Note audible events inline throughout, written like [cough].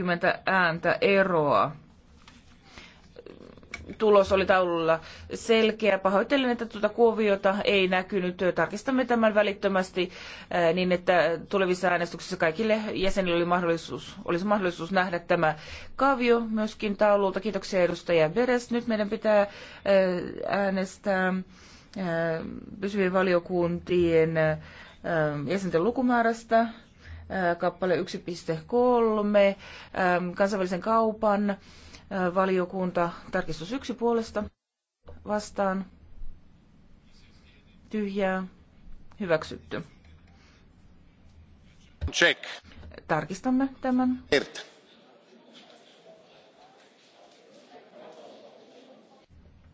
20 ääntä eroa. Tulos oli taululla selkeä. Pahoittelen, että tuota kuviota ei näkynyt. Tarkistamme tämän välittömästi niin, että tulevissa äänestyksissä kaikille jäsenille oli mahdollisuus, olisi mahdollisuus nähdä tämä kavio myöskin taululta. Kiitoksia edustaja Beres. Nyt meidän pitää äänestää pysyvien valiokuntien jäsenten lukumäärästä kappale 1.3, kansainvälisen kaupan valiokunta, tarkistus yksi puolesta vastaan, tyhjää, hyväksytty. Check. Tarkistamme tämän. Ert.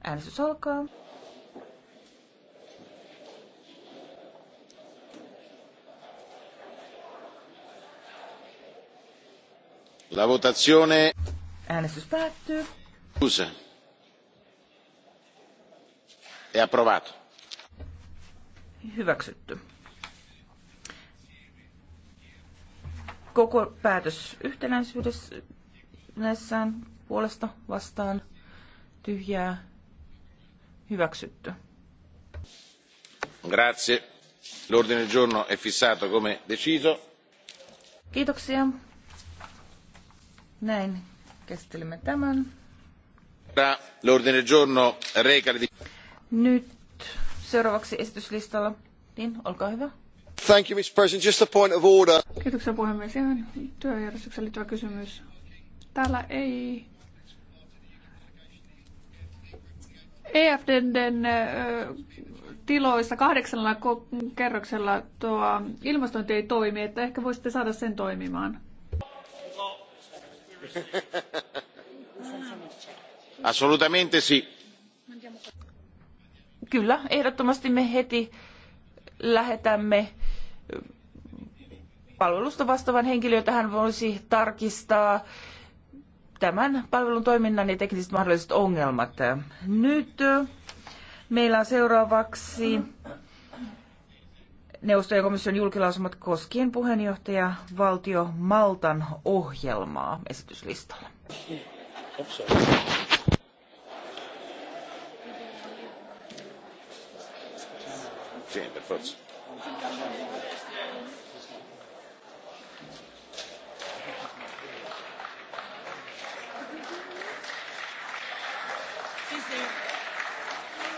Äänestys alkaa. La votazione. Äänestys päättyy. Chiusa. E approvato. Hyväksytty. Koko päätös yhtenäisyydessään puolesta vastaan tyhjää hyväksytty. Grazie. L'ordine del giorno è fissato come deciso. Kiitoksia. Näin käsittelimme tämän. L'ordine giorno reca Nyt seuraavaksi esityslistalla. Niin, olkaa hyvä. Thank you, Mr. President. Just a point of order. Kiitoksia puhemies. Ihan työjärjestykseen liittyvä kysymys. Täällä ei EFDn tiloissa kahdeksalla kerroksella tuo ilmastointi ei toimi, että ehkä voisitte saada sen toimimaan. [laughs] Assolutamente sì. Kyllä, ehdottomasti me heti lähetämme palvelusta vastaavan henkilön, jota hän voisi tarkistaa tämän palvelun toiminnan ja tekniset mahdolliset ongelmat. Nyt meillä on seuraavaksi neuvoston ja komission julkilausumat koskien puheenjohtaja valtio Maltan ohjelmaa esityslistalla.